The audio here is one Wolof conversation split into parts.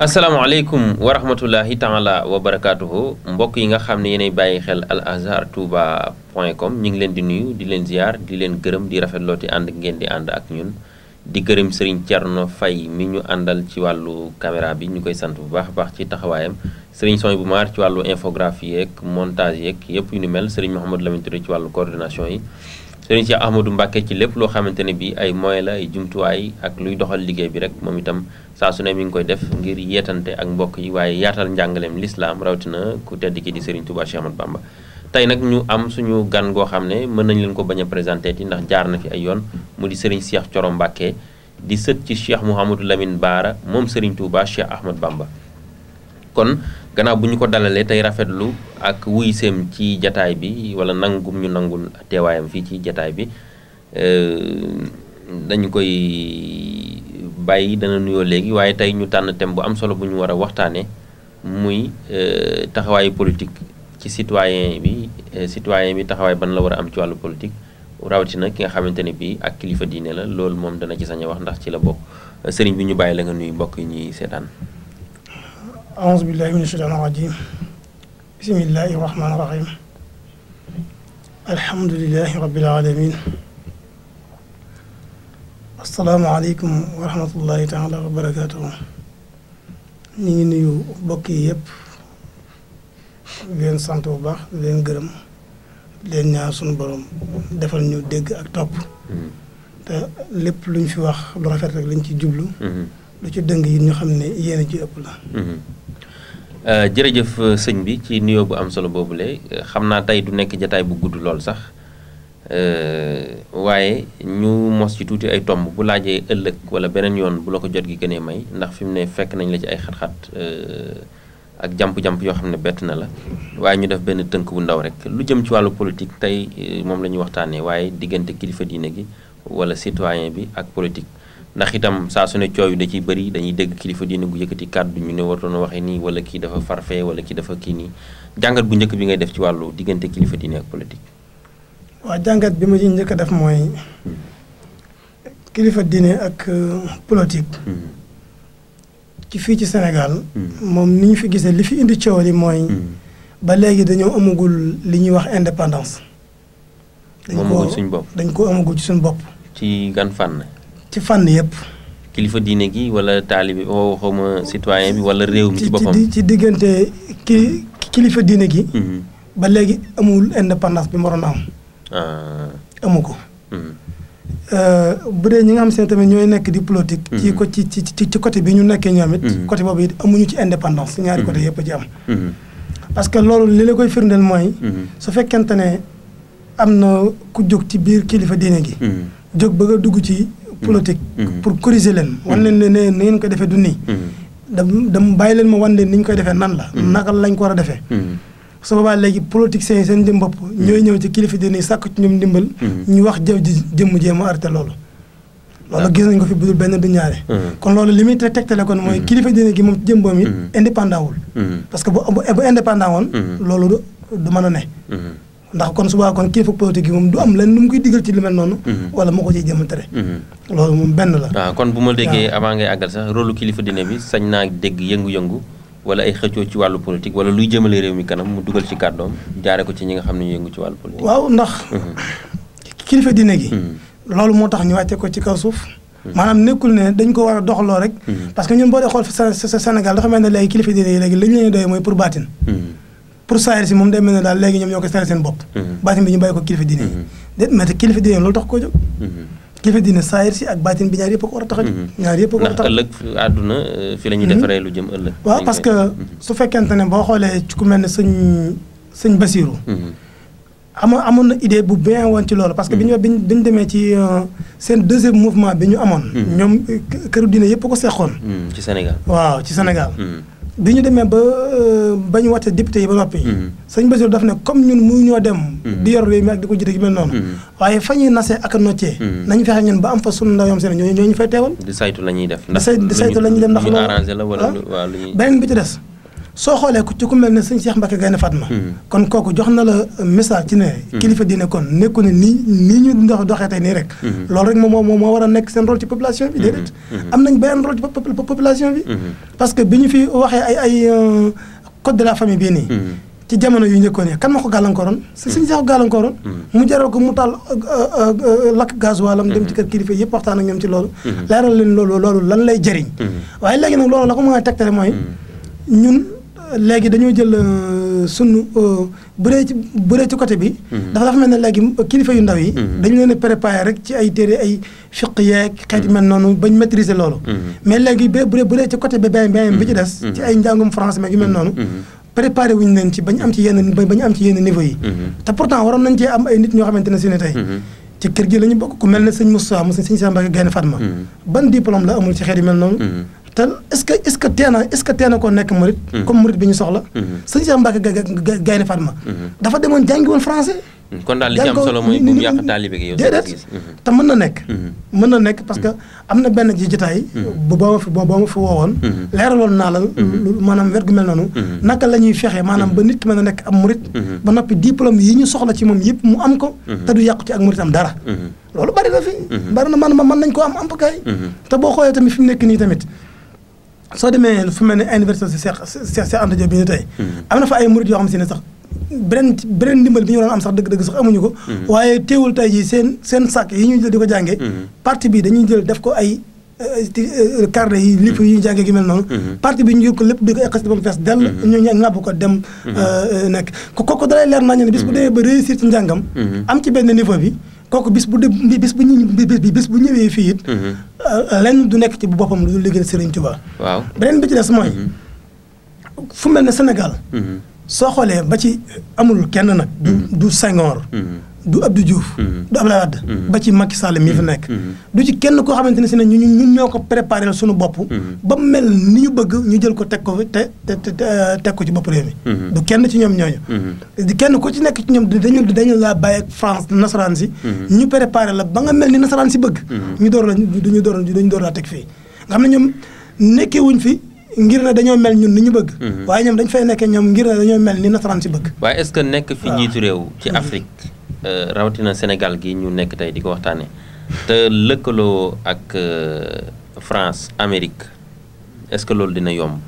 asalaamaaleykum wa rahmatullahi taala wa barakaatuhu mbokk yi nga xam ne yéenay bàyyi xel al azhar touba point com ñu ngi leen di nuyu di leen ziar di leen gërëm di rafetloo ti ànd ngeen di ànd ak ñun di gërëm Serigne Thierno fay mi ñu àndal ci wàllu caméra bi ñu koy sant bu baax a baax ci taxawaayam Serigne Soy bu maar ci wàllu infographie yeeg montage yeeg yëpp yu ni mel Serigne Mouhamadou Lamine Touré ci wàllu coordination yi. Serigne Cheikh Ahmadou Mbacke ci lépp loo xamante ne bii ay moyens la ay jumtuwaay ak luy doxal liggéey bi rek moom itam saa su ne mi ngi koy def ngir yeetante ak mbokk yi waaye yaatal njàngaleem lislaam rawatina ku tedd ki di Serigne Touba Cheikh Ahmadou Bamba. tey nag ñu am suñu gan goo xam ne mën nañ leen ko bañ a présenté ti ndax jaar na fi ay yoon mu di seriñ seex Thioro Mbacke di sët ci Cheikh Mouhamadou lamin Baara moom Serigne Touba Cheikh Ahmadou Bamba kon. gannaaw bu ñu ko dalalee tey rafetlu ak wuy seem ci jataay bi wala nangum ñu nangul teewaayam fii ci jataay bi euh, dañu koy bàyyi dana nuyoo léegi waaye tey ñu tànn thème bu am solo bu ñu war a waxtaanee muy euh, taxawaayu politique ci citoyen bi euh, citoyen bi taxawaay ban la war am ci wàllu politique rawatina ki nga xamante ne bii ak kilifa diine la loolu moom dana ci sañ wax ndax ci la bokk sëriñ bi ñu bàyyi la nga nuyu mbokk yi ñuy seetaan. أعوذ بالله من الشيطان الرجيم بسم الله الرحمن الرحيم الحمد لله رب العالمين السلام عليكم ورحمة الله تعالى وبركاته ñu ngi nuyu mbokk yi yëpp di leen sant bu baax di leen gërëm di leen ñaan suñu borom defal ñu dégg ak topp mm-hmm. te lépp luñ fi wax lu rafet rek lañ ci jublu mm-hmm. lu ci dëng yi ñu xam ne yéen ji ëpp la. Mhm. Euh, jërëjëf euh, sëñ bi ci nuyoo bu am solo boobu le euh, xam naa tey du nekk jataay bu gudd lool sax waaye ñu mos ci tuuti ay tomb bu laajee ëllëg wala beneen yoon bu la ko jot gi gënee may ndax fi mu ne fekk nañ la ci ay xat-xat ak jàmp jamp yoo xam ne bett na la waaye ñu def benn tënk bu ndaw rek lu jëm ci wàllu politique tey moom la ñuy waxtaanee waaye diggante kilifa diine gi wala citoyen bi ak politique. ndax itam saa su ne coow yu da ciy bëri dañuy dégg kilifa diine gu yëkkati kàddu ñu ne wartoon waxee nii wala kii dafa farfee wala kii dafa kii nii jàngat bu njëkk bi ngay def ci wàllu diggante kilifa diine ak politique. jàngat bi ma ci njëkk a def mooy hmm. kilifa diine ak euh, politique. Hmm. fii ci Sénégal. Hmm. moom ni ñu fi gisee li fi indi coow li mooy. ba léegi dañoo amagul li ñuy wax indépendance. dañ ko amagul suñ bopp dañ koo amagul ci suñ bopp. ci gan fànn. ci fànn yëpp. kilifa diine gi wala taalibe oh, waxuma citoyen bi wala réew mi ci boppam. ci diggante ki kilifa diine gi. Mm-hmm. ba léegi amul indépendance bi mu waroon am. Ah. amu ko. Mm-hmm. Euh, bu dee ñi nga xam seen tamit ñooy nekk di politique. ci mm-hmm. ko ci ci ci ci côté bi ñu nekkee ñoom it. côté boobu it amuñu ci indépendance. ñaari côté yëpp a ci am. parce que loolu li la koy firndeel mooy. su fekkente ne am na ku jóg ci biir kilifa diine gi. jóg bëgg a dugg ci. politique. Mhm. Mhm. pour corriger leen. Mhm. wan leen ne ne ngeen koy defee du nii. dam dam bàyyi leen ma wan leen ni ñu koy defee nan la. naka lañ ko war a defee. su boobaa léegi politiciens yi seen jëm bopp. ñooy ñëw ci kilifa dinañ sàkk ci ñoom ndimbal. ñu wax jëw ji jëmm jéem a arrêté loolu. loolu gis nañ ko fi budul benn du ñaare. kon loolu li muy tegtale kon mooy kilifa diine gi moom ci jëm boom it wul. parce que bu bu indépendant woon. loolu du mën a ne. ndax kon subaa kon kilifa politique yi moom du am lenn lu mu koy digal ci lu mel noonu. Mhm. wala moo ko ciy jëm mhm. loolu moom benn la. kon bu ma déggee avant ngay àggal sax rôle kilifa dina bi sañ naa dégg yëngu-yëngu wala ay xëccoo ci wàllu politique wala luy jëmale réew mi kanam mu dugal ci kàddoom jaare ko ci ñi nga xam ne ñu yëngu ci wàllu politique. waaw ndax. Mhm. kilifa dina gi. loolu moo tax ñu wàcce ko ci kaw suuf. maanaam nekkul ne dañ ko war a doxaloo rek. parce que ñun boo dee xool Sénégal dafa mel ne kilifa dina yi léegi li ñu leen doy pour saayir si moom day mel ne daal léegi ñoom ñoo ko saayir seen bopp. Mm-hmm. baatin bi ñu bàyyi ko kilifa diine yi. Mm-hmm. déet mais te kilifa diine loolu tax koo jóg. Mm-hmm. kilifa diine saayir si ak baatin bi ñaar yëpp a ñaar yëpp a ko war euh, la ñuy defaree lu jëm ëllëg. waaw parce que su fekkente ne boo xoolee ci ku mel ne sëñ sëñ Basiru. amoon amoon na idée bu bien woon ci loolu. parce que bi ñu bi ñu demee ci euh, seen deuxième mouvement bi ñu amoon. ñoom këru diine yëpp ko seexoon ci Sénégal waaw ci Sénégal. bi ñu demee ba euh, ba ñu wàccee député yi ba noppi. Mm-hmm. sëñ Basiru daf ne comme ñun mu ñoo dem. Mm-hmm. di yor réew mi ak di ko jiite gi mel noonu. Mm-hmm. waaye fa ñuy nasee ak a noccee. nañ ñun ba am fa sunu ndaw yoom seen ñoo ñu fay teewal. di saytu la ñuy def. ndax di saytu la ñuy def ndax loolu ah. beneen bi ci des. soo xoolee ku ci ku mel ne sëñ Cheikh Mbacke Gaynde Fatma. Hmm. kon kooku jox na la message ci ne. Hmm. kilifa diine kon nekku ne nii nii ñu dox doxee tey nii rek. Hmm. loolu rek moom moo moo war a nekk seen rôle ci population bi déedéet. am nañ benn rôle ci population bi. parce que bi ñu fi waxee ay ay euh, code de la famille bii nii. ci jamono yu njëkkoon yi kan ma ko gàllankooroon si suñu sax gàllankooroon mu jaral ko mu taal euh, euh, lakk gaz walam dem ci kër kilifa yëpp waxtaan ak ñoom ci loolu leeral leen loolu loolu lan lay jëriñ waaye léegi nag loolu la ko mën a tegtale mooy ñun léegi dañoo jël euh, sunu euh, bu dee ci bu dee ci côté bi. Mhm. dafa dafa mel ne léegi euh, kilifa yu ndaw yi. Mhm. dañu leen a préparé rek ci ay téere ay fiq yeeg xeet mhm. mel noonu bañ maîtriser loolu. mais léegi ba bu dee bu dee ci côté bi benn bi ci des. ci ay njàngum français meeg yu mel noonu. préparé wuñu leen ci bañ am ci yenn bañ am ci yenn niveau yi. te pourtant waroon nañ cee am ay nit ñoo xamante ne si ne tey. ci kër gi la ñu bokk ku mel ne sëñ Moussa mu sëñ Samba Gaynde Fatma. ban diplôme la amul ci xeet yu mel noonu. te est-ce que est-ce que teel na est-ce que teel na koo nekk murit mm-hmm. comme murit bi ñu soxla. Mm-hmm. sëñ mm-hmm. demoon jàngi woon français. kon daal te mën na nekk. mën na nekk parce que am na benn ji jotaay. bu boo ma fi boo ma fi naa la. maanaam wet gu noonu. naka la ñuy fexe maanaam ba nit mën a nekk am murit. ba noppi diplôme yi ñu soxla ci moom yëpp mu am ko. te du yàqu ak murit am dara. loolu bari na fi. bari na man man mën nañ koo am am kay. te boo xoolee tamit fi mu nekk nii tamit. soo demee fu mel ne université Cheikh Cheikh Anta Diop bi ni tey hmm. am na fa ay murid yoo xam si ne sax beneen beneen ndimbal bi ñu doon am sax dëgg-dëgg sax amuñu ko hmm. waaye teewul tey jii seen seen sàkk yi ñuy jël di ko jàngee hmm. parti bi dañuy jël def ko ay carnet yi lépp yi ñu jàngee gi mel noonu parti bi ñu jël ko lépp di ko ay xas ba mu fees dell ñu ŋàbb ko dem euh, euh, nekk ko ko dalay leer nañu ne bis bu demee ba réussir ci njàngam am ci benn niveau bi kooku bis bu dee bis bu ñuy bis bu ñëwee fii it. Mhm. Euh, lenn du nekk ci bu boppam lu liggéey Serigne Touba. waaw beneen bi ci des mooy. Mhm. fu mel ne Sénégal. Mhm. soo xoolee ba ci amul kenn nag. du du du Abdou Diouf. Mm-hmm. du Abdoulaye Wade. Mm-hmm. ba ci Macky Sall mii fi nekk. Mm-hmm. du ci kenn koo xamante ne si ne ñu ñun ñoo ko préparé suñu bopp. ba mu mel ni ñu bëgg ñu jël ko teg ko te te euh, teg ko ci bopp réew mi. du kenn ci ñoom ñooñu. di kenn ku ci nekk ci ñoom dañu dañu laa bàyyi France nasaraan si. ñu préparé la ba nga mel ni nasaraan si bëgg. ñu door la ñu door dañu door laa teg fii nga xam ne ñoom nekkee wuñ fi. ngir na dañoo mel ñun ni ñu bëgg. waaye ñoom dañ fay nekkee ñoom ngir na dañoo mel ni nasaraan si bëgg. waaye est-ce que nekk fi njiitu réew ci Afrique. Euh, rawatina Sénégal gi ñu nekk tey di ko waxtaanee te lëkkaloo ak euh, France Amérique est-ce que loolu dina yomb.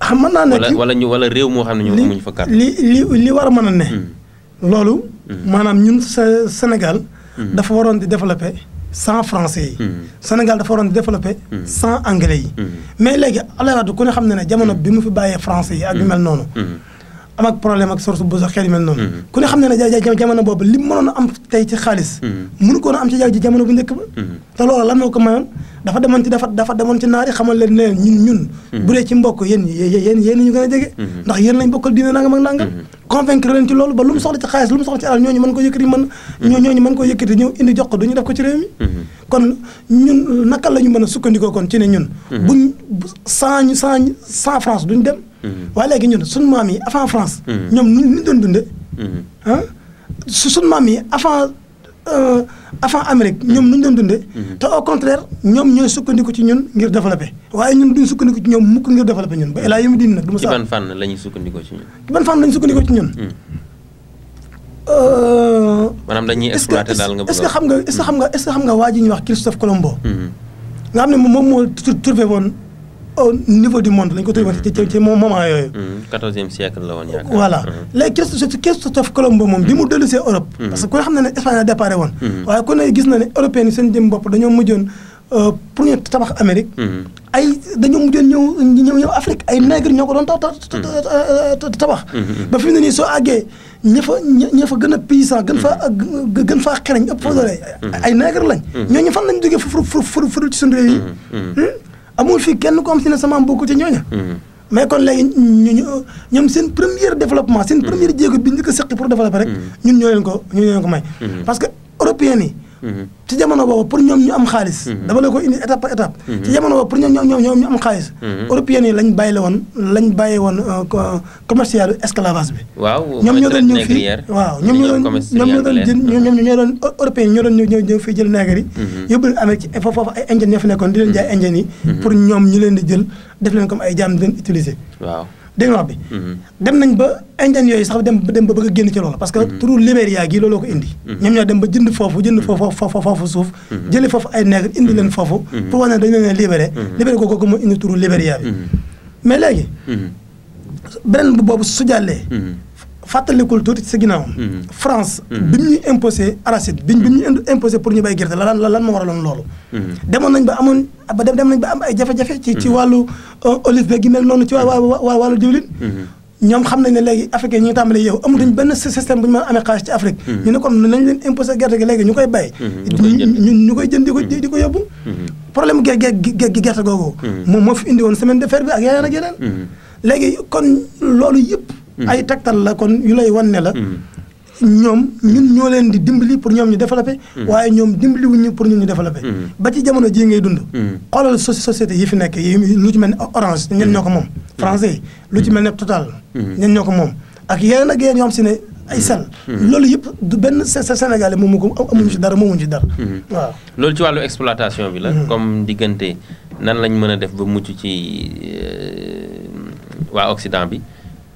xam ah, man naa nekk wala ñu wala réew moo xam ne ñu amuñu fa carte li li li war a mën a ne. Hmm. loolu. Hmm. maanaam ñun sa hmm. Sénégal. dafa waroon di développer sans français yi. Sénégal dafa waroon di développer sans anglais yi. mais léegi Abdoulaye Wade ku ne xam ne ne jamono bi mu fi bàyyee français yi ak mel noonu. am ak problème ak source bu sax xel mel noonu mm-hmm. ku ne xam ne ne jaay jamono boobu li mu mënoon a am tey ci xaalis mm-hmm. mënu koon a am ci jaay jamono bu njëkk ba mm-hmm. te loolu lan moo ko mayoon dafa demoon ci naari xamal leen ne ñun ñun bu dee ci mbokk ñu gën a jege ndax yéen lañ bokkal diine nangam ak nangam convaincre leen ci loolu ba lu soxla ci xaalis lu soxla ci alal ñooñu mën ko yëkkati mën ñooñu indi jox ko duñu def ko ci réew mi kon ñun naka Mm-hmm. waaye léegi ñun suñu maam yi avant France. Mm-hmm. ñoom nu ñu doon dundee. Mm-hmm. Ah, su suñu maam yi avant euh, avant Amérique ñoom nu ñu doon dundee. te au contraire ñoom ñooy sukkandiku ci ñun ngir développé waaye ñun duñ sukkandiku ci ñoom mukk ngir développé ñun ba ilaa yi mu diin nag. du ma saa ci ban fànn la ñuy sukkandikoo ci ñun. ci ban fànn la ñuy sukkandikoo ci mm. euh, dañuy exploité daal nga. est-ce que xam nga est-ce que mm. xam nga est-ce que xam nga waa ji ñuy wax Christophe Colombo. nga xam ne moom moo trouvé woon. au niveau du monde lañ ko tuddee ci ci ci moment yooyu. 14e mm-hmm. siècle la woon yaakaar. voilà mm-hmm. léegi Christophe Christophe Colombo moom bi mu dellusee Europe. Mm-hmm. parce que ku xam ne ne Espagne a déparé woon. waaye ku ne gis na ne européens yi seen jëm bopp dañoo mujjoon euh, pour ñu tabax Amérique. ay dañoo mujjoon ñëw ñëw ñëw Afrique ay nègre ñoo ko doon tabax. ba fi mu ne nii soo àggee ña fa ña fa gën a puissant gën faa gën faa xereñ ëpp fa doole ay nègre lañ. ñooñu fan lañ jógee fu fu fu fu ci suñu réew yi. Hmm? amul fii kenn ko am si ne sama am ci ñooña mm-hmm. mais kon léegi ñu ñoom seen première développement seen mm-hmm. première jéego bi ñu ko seqi pour développer rek mm-hmm. ñun ñoo ko ñu leen ko may parce que européens yi ci jamono boobu pour ñoom ñu am xaalis. Mhm. dama la ko indi étape par étape. Mhm. ci jamono boobu pour ñoom ñoom ñoom ñu am xaalis. Mhm. européens yi lañ bàyyi la woon lañ bàyyi woon euh, commercial esclavage bi. waaw ñoom ñoo doon ñëw fii waaw ñoom ñoo doon ñoom ñoo doon jël ñoom ñoo doon européens yi ñoo doon ñëw ñëw jël neegar yi. yóbbu leen Amérique ci ay indien ñoo fi nekkoon di leen jaay indien yi. pour ñoom ñu leen di jël def leen comme ay jaam di leen utiliser. dégg nga wax bi. Mm-hmm. nañ ba indien yooyu sax dem dem ba bëgg génn ci loolu parce que mm-hmm. turu Libéria gii looloo ko indi. Mm-hmm. ñoom ñoo dem ba jënd foofu jënd foofu foofu foofu suuf. jëlee foofu ay nègre indi leen foofu. pour wane ne dañu leen libéré. libéré googu moo indi turu Libéria bi. mais léegi. beneen bu boobu su jàllee. fàttalikul tuuti sa ginnaaw. Mm-hmm. France. Mm-hmm. bi mu ñuy imposé arachide bi bi mu ñuy imposé pour ñu bay gerte lan lan moo waraloon loolu. Mm-hmm. demoon nañ ba amoon ba dem nañ ba am ay jafe-jafe. ci ci wàllu euh, olive beeg gi mel noonu ci waa waa wàllu diwlin. ñoom xam nañ ne léegi africain yi ñu ngi tàmbalee yow amatuñ benn système bu ñu mën a amee xaalis ci Afrique. ñu ne comme nañ leen imposé gerte gi léegi ñu koy bay. ñu koy jënd di ko di ko yóbbu. problème ge ge gerte googu. moom moo fi indi woon semaine de fer bi ak yeneen ak yeneen. léegi kon loolu yëpp Mm. ay tegtal la kon yu lay wan ne la. Mm. ñoom ñun ñoo leen di dimbali pour ñoom ñu développé. Mm. waaye ñoom dimbali pour ñun ñu développé. ba ci jamono jii ngay dund. xoolal société yi fi nekk yi lu ci mel ne orange ñen ñoo ko moom. français lu ci mel ne total. ñeen ñoo ko moom ak yeneen ak yeneen si ne ay sel. loolu yëpp du benn Sénégalais moom ko amuñu ci dara moomuñu ci dara. waaw loolu ci wàllu exploitation bi la. kom diggante nan lañ mën a def ba mucc ci euh, waa Occident bi.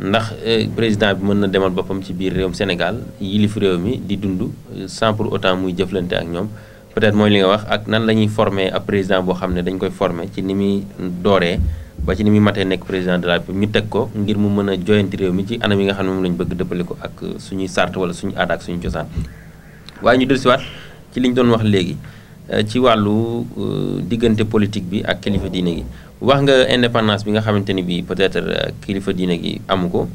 ndax eh, président bi mën na demal boppam ci biir réewum Sénégal yilif réew mi di dund eh, sans pour autant muy jëflante ak ñoom peut-être mooy li nga wax ak nan la ñuy former ab président boo xam ne dañ koy former ci ni muy dooree ba ci ni muy matee nekk président de la ñu teg ko ngir mu mën a joyanti réew mi ci anam yi nga xam ne moom lañ bëgg dëppale ko ak suñuy sart wala suñu aada ak suñu cosaan waaye ñu dellusiwaat ci li ñu doon wax léegi eh, ci wàllu diggante politique bi ak kilifa diine gi. wax nga indépendance bi nga xamante ni bii peut-être euh, kilifa diine gi amu ko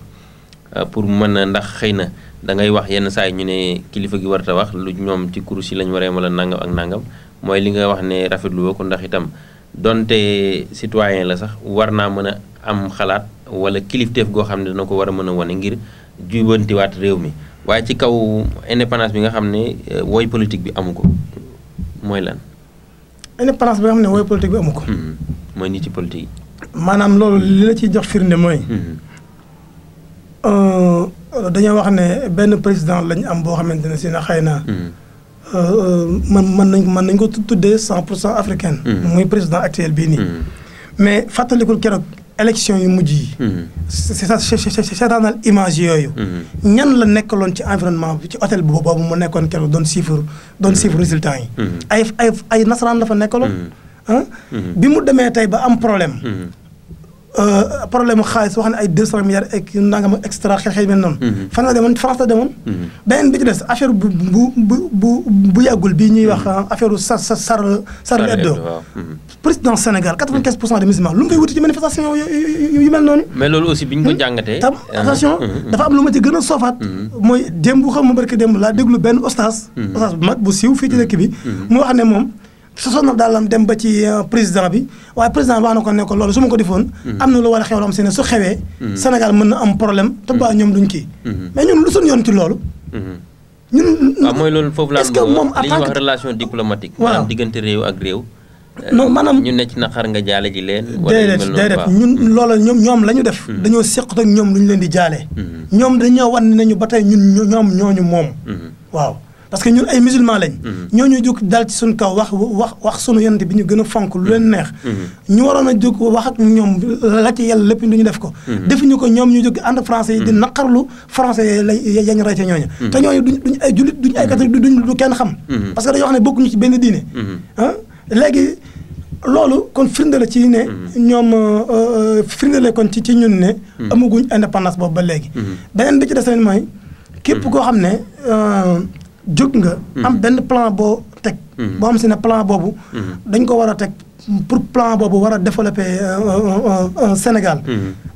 euh, pour mën a ndax xëy na da ngay wax yenn saa yi ñu ne kilifa gi warta wax lu ñoom ci kurus yi lañ waree wala nangam ak nangam mooy li nga wax ne rafetlu ko ndax itam donte citoyen la sax war naa mën a am xalaat wala kilifteef goo xam ne dana ko war a mën a wane ngir jubantiwaat réew mi waaye ci kaw indépendance bi nga xam ne euh, woy politique bi amu ko mooy lan. indépendance bi nga xam ne woy politique bi amu ko. Hmm. mooy nit ci politique yi. maanaam loolu li la ciy jox firnde mooy. Hmm. Euh, dañoo wax ne benn président lañ am boo xamante ne si na xëy na. man hmm. euh, euh, man nañ mën nañ ko tuddee cent pour cent africaine. muy président actuel bii nii. mais fàttalikul keroog élection yi mujj yi. Hmm. seetaanal image yooyu. Hmm. ñan la nekkaloon ci environnement bi ci hôtel boobu mu nekkoon keroog doon chiffre doon hmm. chiffre résultat yi. ay ay nasaraan la fa nekkaloon. Ah? bi mu demee tey ba am problème. Euh, problème xaalis wax ne ay deux cent milliards ak nangam ak extra xeexee mel noonu. Mhm. fan la demoon France la demoon. Mhm. beneen bi ci des bu bu bu bu yàggul bii ñuy wax mhm. affaire sa sa sar Charlie Hebdo. président Sénégal 95 pour cent des musulmans lu mu koy wuti ci manifestation yu mel noonu. mais loolu aussi bi ñu ko hmm? jàngatee. tam uh-huh. attention dafa am lu ma ci gën a soofaat. mooy démb xam ma barki démb laa déglu benn ostaas. ostaas bu mag bu siiw fii ci dëkk bi. mu wax ne moom. sosoon na daalam dem ba ci euh, président bi waaye président bi wax na ko ne loolu su ma ko defoon. Hmm. am na lu war a xew loo xam si su xewee. Hmm. Sénégal mën na am problème. te ba hmm. ñoom duñ kii. mais ñun lu suñu yoon ci loolu. ñun waaw ah, mooy loolu foofu laa. est-ce que moom li ñuy wax relation diggante réew ak réew. non euh, maanaam ñu ne na xar nga jaale ji leen. wala ñu déedéet ñun loola ñoom ñoom la ñu def. dañoo sequt ak ñoom lu ñu leen di jaale. ñoom dañoo wan ne ñu ba tey ñun ñoom ñooñu moom. waaw. parce que ñun ay musulman lañ. Mhm. ñoo ñu jóg dal ci suñ kaw wax wax wax sunu yonent bi ñu gën a fonk lu leen mhm. neex. Mhm. ñu waroon a jóg wax ak ñoom la ci yàlla lépp lu ñu def ko. defuñu ko ñoom ñu jóg ànd français yi di naqarlu français yi yañ rey ca ñooñu. te ñooñu duñ duñ ay jullit duñ ay catholique duñ du kenn xam. parce que dañoo wax ne bokkuñu ci benn diine. léegi loolu kon firnde la ci ne. ñoom euh, euh, firnde la kon ci ci ñun ne. amaguñ indépendance boobu ba léegi. beneen bi ci des leen mooy. képp koo xam ne. Euh, jóg nga. Mhm. am benn plan boo teg. Mhm. boo am si ne plan boobu. Mhm. dañ ko war a teg pour plan boobu war a développer euh, euh, euh, Sénégal.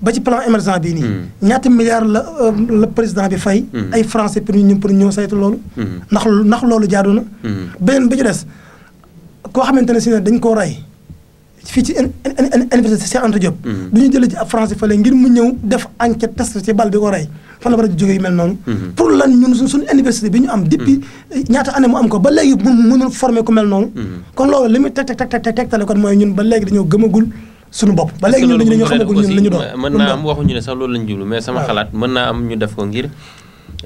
ba ci plan émergent bii nii. ñaata milliards la la président bi fay. ay français pour ñu pour ñëw saytu loolu. ndax ndax loolu jaadu na. beneen bi ci des koo xamante ne si ne dañ koo rey. fii ci université Cheikh Anta Diop. Mm-hmm. du ñu jëlee ci ab français fële ngir mu ñëw def enquête test ci bal bi ko rey fan la war a jógee mel noonu. Mm-hmm. pour lan ñun suñu université bi ñu am. depuis mm-hmm. ñaata année mu am ko ba léegi mu mënul former ku mel noonu. kon loolu li muy teg teg teg teg tegtale kon mooy ñun ba léegi dañoo gëmagul suñu bopp. ba léegi ñun dañu dañoo xamagul ñun li ñu doon mën naa am waxuñu ne sax loolu lañ jublu mais sama xalaat man naa am ñu def ko ngir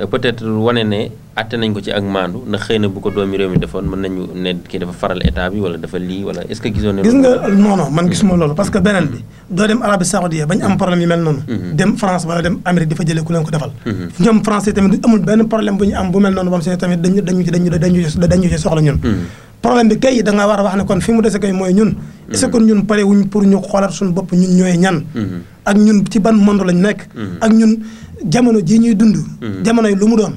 euh, peut-être wane ne. atte nañ ko ci ak maandu ndax xëy na bu ko doomi réew mi defoon mën nañu ne kii dafa faral état bi wala dafa lii wala est-ce que gisoon ne gis nga non non man hmm. gisuma loolu parce que beneen bi doo dem Arabie Saoudite bañ am problème yu mel noonu hmm. dem France wala dem Amérique di fa jëlee ku leen ko defal hmm. ñoom français tamit amul dañu dañu dañu soxla ñun problème bi kay da war a wax ne kon fi mu dese kay mooy ñun est-ce que ñun pare wuñ pour ñu xoolaat suñu bopp ñun ñooy ñan ak ñun ci ban monde lañ nekk ak ñun jamono ji ñuy dund jamono yi lu mu doon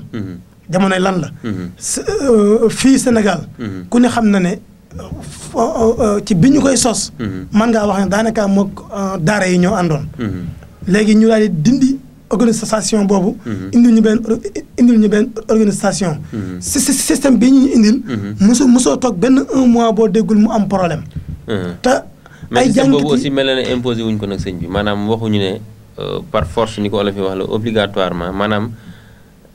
jamonoy lan la. Mm-hmm. Euh, fii Sénégal. Mm-hmm. ku ne xam na ne euh, ci bi ñu koy sos. man mm-hmm. ngaa wax ne daanaka moog euh, daara yi ñoo àndoon. léegi ñu daal di dindi organisation boobu. indi ñu benn indil ñu benn organisation. si système bi ñu indil. musu musoo toog benn un mois boo déggul mu am problème. te ay jàngat boobu aussi mel na ne imposé wuñ ko nag sëñ bi maanaam waxuñu ne par force ni ko olof yi wax la obligatoirement maanaam.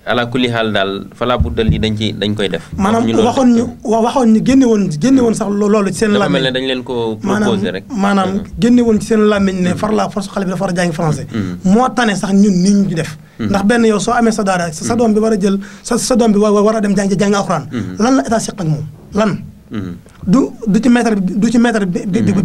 ala kulli xaal daal falaa buddal yi dañ ci dañ koy def. maanaam waxoon ñu waxoon ñu génne woon génne woon sax loolu ci seen. làmmiñ dafa ne dañ leen ko proposé rek. maanaam mm-hmm. génne woon ci seen làmmiñ ne mm-hmm. far la force xale bi dafa war a jàng français. Mm-hmm. moo tane sax ñun ni ñu def. ndax benn yow soo amee sa daara sa doom bi war a jël sa sa doom bi war a dem jàng jàng alxuraan. lan la état seq ak moom lan. du du ci maître du ci maître bi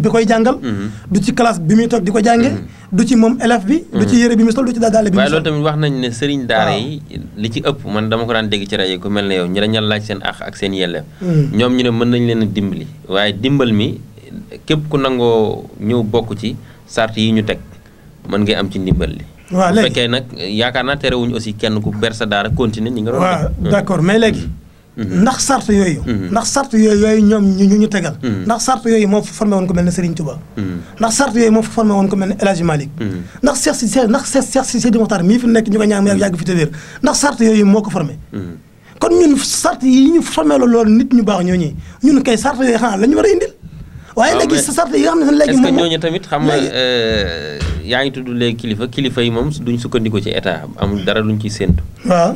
koy jàngal. Mm-hmm. du ci classe bi muy toog di ko jàngee. Mm-hmm. du ci moom élève bi. du ci mm-hmm. yére bi mu sol du ci daal bi mu sol. waaye loolu tamit wax nañ ne sëriñ daara li ci ëpp man dama ko daan dégg ci rajo ku mel ne yow ñu dañu laaj seen ax ak seen yelleef. ñoom ñu ne mën nañ leen a dimbali. waaye dimbal mi képp ku nangoo ñëw bokk ci sart yi ñu teg mën ngay am ci ndimbal li. waaw léegi fekkee nag yaakaar naa terewuñu aussi kenn ku bersa daara continuer ñi nga doon. waaw d'accord mais léegi. Mhm. ndax sart yooyu mhm. ñu ñu tegal ndax yooyu moo fa formé woon ko mel ne Serigne Touba ndax sart yooyu moo fa formé woon ko yooyu moo ko formé mhm. kon ñun sart yi ñu formé la loolu nit ñu baax ñooñu ñun kay sart yooyu xanaa la ñu war a indil sa sart yi nga xam ne léegi est-ce que ñooñu tamit xam nga euh, ngi tudd léegi kilifa kilifa yi moom duñ sukkandiku ci état amul dara luñ ciy séentu waaw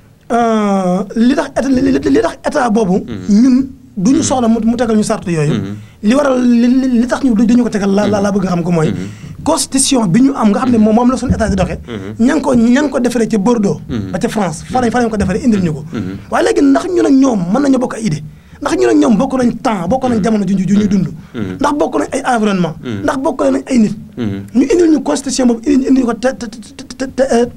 li tax li tax état boobu. Mhm. ñun du ñu mhm. soxla mu tegal ñu sart yooyu. Mhm. li waral li tax ñu duñu ko tegal la la bëgg xam ko mooy. constitution bi ñu am nga xam ne moom moom la suñu état di doxee. ña ko ña ko defaree ca Bordeaux. ba ca France fa lañ ko defaree indil ñu ko. waaye léegi ndax ñun ak ñoom mën nañu bokk ay idée. ndax ñu ne ñoom bokk nañ temps bokk nañ jamono ju ju ñuy dund. Mm-hmm. ndax bokk nañ ay environnement. Mm-hmm. ndax bokk nañ ay nit. Mm-hmm. ñu indil ñu constitution boobu indil ñu ko te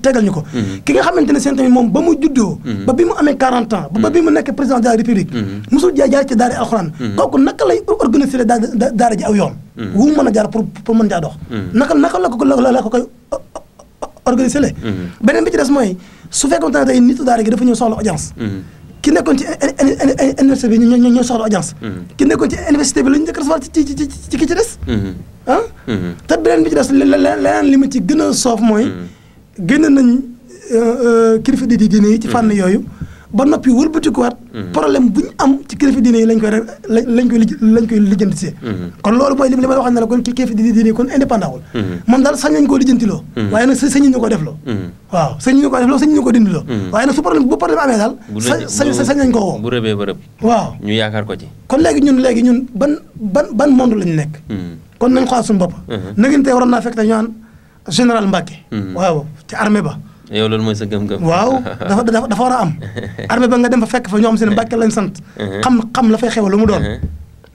tegal ñu ko. ki nga xamante ne seen tamit moom ba mu juddoo. ba bi mu amee 40 ans. ba bi mu nekk président de la république. mosul jaay jaay ci daara alxuraan. kooku naka lay organiser daara daara ji aw yoon. wu mu mën a jaar pour pour mën jaa dox. naka naka la ko la ko koy organiser le beneen bi ci des mooy su fekkoon ne tey nitu daara gi dafa ñëw soxla audience. ki nekkoon ci université bi ñoo ñoo soxla audience. ki nekkoon ci université bi la ñu njëkk recevoir ci ci ci ci ki ci des. ah. te beneen bi ci des leneen li ma ci gën a soof mooy. génn nañ kilifa di diine yi ci fànn yooyu. ba noppi wëlbatikuwaat. Mhm. problème bu ñu am ci kilifa diine yi lañ koy lañ koy lañ koy lijjantisee. Mhm. kon loolu mooy li ma wax ne la kon kilifa diine yi kon indépendant wul. Mhm. moom daal sañ nañ koo lijjantiloo. waaye nag sañ ñu ko defloo. waaw sañ ñu ko defloo sañ ñu ko dindiloo. waaye nag su problème bu problème amee daal. bu sa sañ nañ koo woo. bu rëbee ba rëb. waaw ñu yaakaar ko ci. kon léegi ñun léegi ñun ban ban ban monde lañu nekk. kon nañ xoolaat suñu bopp. na ngeen tey waroon naa fekk te ñu naan général Mbacke. waaw ci armée ba. yow loolu mooy sa gëm-gëm. waaw dafa dafa dafa war a am. armée ba nga dem fa fekk fa ñoo xam si ne ke lañ sant. Uh-huh. xam xam la fay xew lu mu doon. Uh-huh.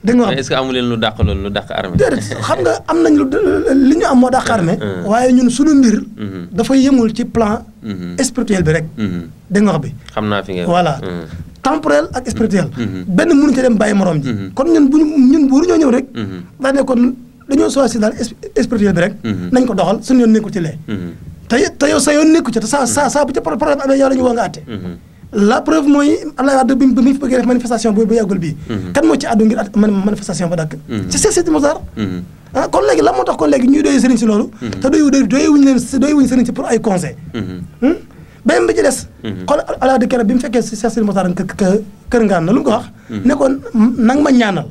dégg nga est-ce leen lu dàq loolu lu dàq armée. déedéet xam nga am nañ lu li ñu am moo dàq armée. Uh-huh. waaye ñun suñu mbir. dafa yemul ci plan. spirituel bi rek. dégg nga wax bi. xam naa fi nga voilà. temporel ak spirituel. benn mënu ci dem bàyyi morom ji. kon ñun bu ñun bu ñoo ñëw rek. daanaka kon dañoo sooy si daal spirituel bi rek. nañ ko doxal suñu yoon nekkul ci lee. te te yow sa yoon nekku ca te saa saa saa bu ca problème amee yow la ñu nga àtte mm-hmm. la preuve mooy Abdoulaye Wade bi bi mu bëggee mm-hmm. mm-hmm. ah, moo tax kon léegi ñuy doyee sëriñ si loolu te doyu doy si pour hmm? des xool bi mu fekkee si seet seeti Mozart kër ngaan na lu mu ko wax ne ko nang ma ñaanal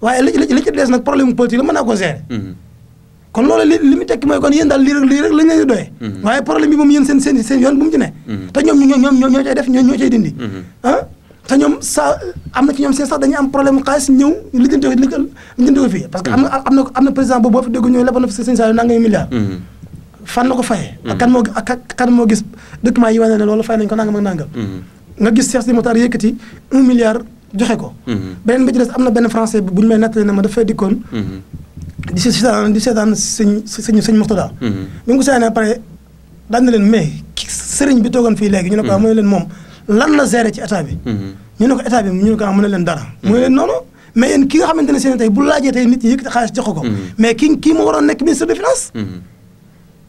waaye li ci des nag problème politique la naa ko gérer kon loolu li li mu tekki mooy kon yéen daal lii rek lii rek lañ leen di mhm. waaye problème bi moom yéen seen seen yoon bu mu ci mhm. ñoom ñoo ñoom ñoo cay mhm. ah? ñoom seen sax dañuy am problème xaalis ñëw lijjanti ko lijjanti ko fii parce que am na am président boobu boo fi dégg ñëw lebal fi seen saa nangami milliard fan la ko fayee moo ak kan moo gis document yi wane ne loolu fay nañ ko nangam ak nangam nga gis Cheikh Sidi Mokhtar un milliard joxe ko beneen ba ci des am na benn français bu ñu di seetaan di seetaan sëñ sëñ sëñ Mourtada. Mm-hmm. bi pare daan na leen mais sëriñ bi toogoon fii ñu ne ko ah leen moom lan la gérer ci état bi. Mm-hmm. ñu ne ko état bi ñu ne ko ah leen dara. mu ne leen noonu mais yéen ki nga xamante ne seen tey bu laajee nit ñi yëkkati xaalis jox ko. mais ki kii ma waroon nekk ministre de finance.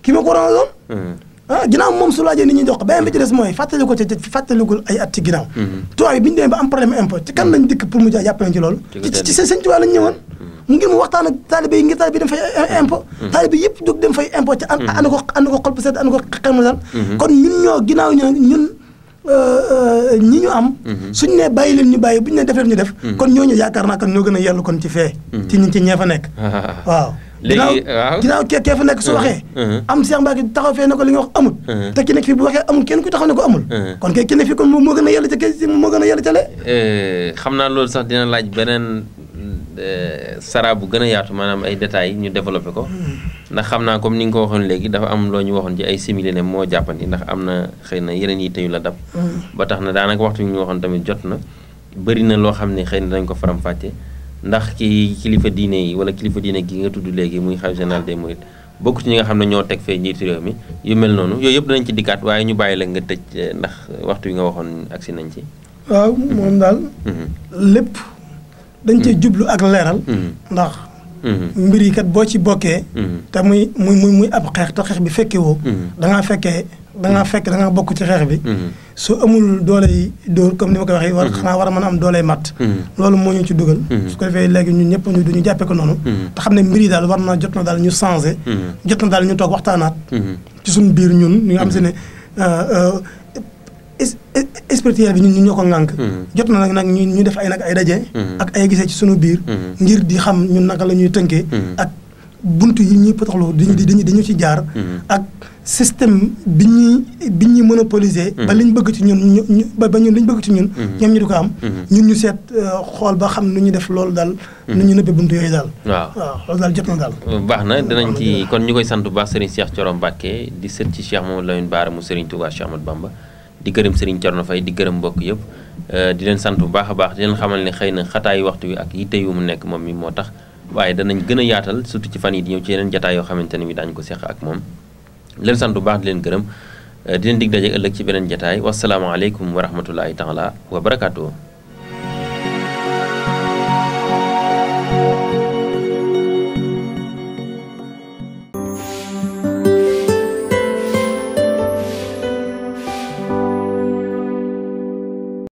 ki ma ko waroon a doon. ah ginnaaw moom su laajee ñi jox ko beneen des mooy fàttali ko ay at ci ginnaaw mhm. tubaab yi ba am problème impôt ci kan lañ mhm. dikk pour mu jaay jàppale ci ci seen ci mhm. ànd ko ànd ko xol euh, euh, ñu am suñ ne bàyyi ñu bàyyi buñ def leen ñu def kon naa kon ñoo gën a yellu kon ci fee ci ñi waaw léegi waaw ginnaaw kee nekk su uh-huh. waxee uh-huh. am Cheikh Mbacke taxaw fee ne ko li nga wax amul uh-huh. te ki nekk fii bu waxee amul kenn ku taxaw ne ko amul kon kay ki nekk fii moo gën a yàlla ca kii moo eh, xam naa loolu sax dina laaj beneen eh, sara bu gën yaatu maanaam ay détails ñu développé ko hmm. ndax xam naa comme ni nga ko waxoon léegi dafa am loo ñu waxoon ci ay simili ne moo jàppandi ndax am na xëy na yeneen yi teyu la dab hmm. ba tax na daanaka waxtu ñu waxoon tamit jot na bari na loo xam ne xëy na dañ ko faram-fàccee ndax ki kilifa diine yi wala kilifa diine gi nga tudd léegi muy xalifa général des mourides bokk ci ñi nga xam ne ñoo teg fee njiitu réew mi yu mel noonu yooyu yëpp danañ ci dikkaat waaye ñu bàyyi la nga tëj eh, ndax waxtu yi nga waxoon agsi nañ ci. waaw mhm. moom daal. Mhm. lépp dañ cee mhm. jublu ak leeral. ndax. mbir yi kat boo ci bokkee. te muy muy muy ab xeex te xeex bi fekkee woo. da fekkee. da ngaa fekk da bokk ci xeex bi. Mhm. soo amul dooley dóor comme ni ma ko waxee. war mhm. xanaa war a mën a am dooley matt. Mhm. loolu moo ñu ci dugal. su ko defee léegi ñun ñu duñu noonu. te xam ne mbir yi daal war na jot ñu changé. jot na ñu toog waxtaanaat. ci suñu biir ñun ñu am si ne. Euh, euh, spirituel bi ñun ñu ñoo jot na nag nag ñu ñu def ay nag ay daje ak ay gisee ci sunu biir ngir di xam ñun naka la ñuy tënkee ak bunt yi ñuy potoxlu diñu diñu ci jaar ak système bi ñuy bi ñuy monopoliser. Mhm. ba liñ bëgg ci ñun ñu ñu ba ñun liñ bëgg ci ñun. Mhm. ñoom ñu di ko am. Mhm. ñun ñu seet euh, xool ba xam nu ñu def loolu daal. nu ñu nëbbee buntu yooyu daal. waaw waaw loolu daal jot na daal. Euh, baax na danañ ci kon ñu koy sant bu baax Serigne Cheikh Thioro Mbacke di sët ci Cheikh Mamadou Lamine Bara mu Serigne Touba Bamba di gërëm Serigne Thierno Faye di gërëm mbokk yëpp. Euh, di leen sant bu baax a baax di leen xamal ne xëy na xataay waxtu wi ak yitte yu mu nekk moom mi moo tax waaye danañ gën a yaatal surtout ci fan yi di ñëw ci yeneen jataay yoo xamante ne bi daañu ko seq ak moom leen sant bu baax di leen gërëm di leen dig daje ëllëg ci beneen jataay wasalaamaaleykum wa rahmatullahi taala wa barakaatu.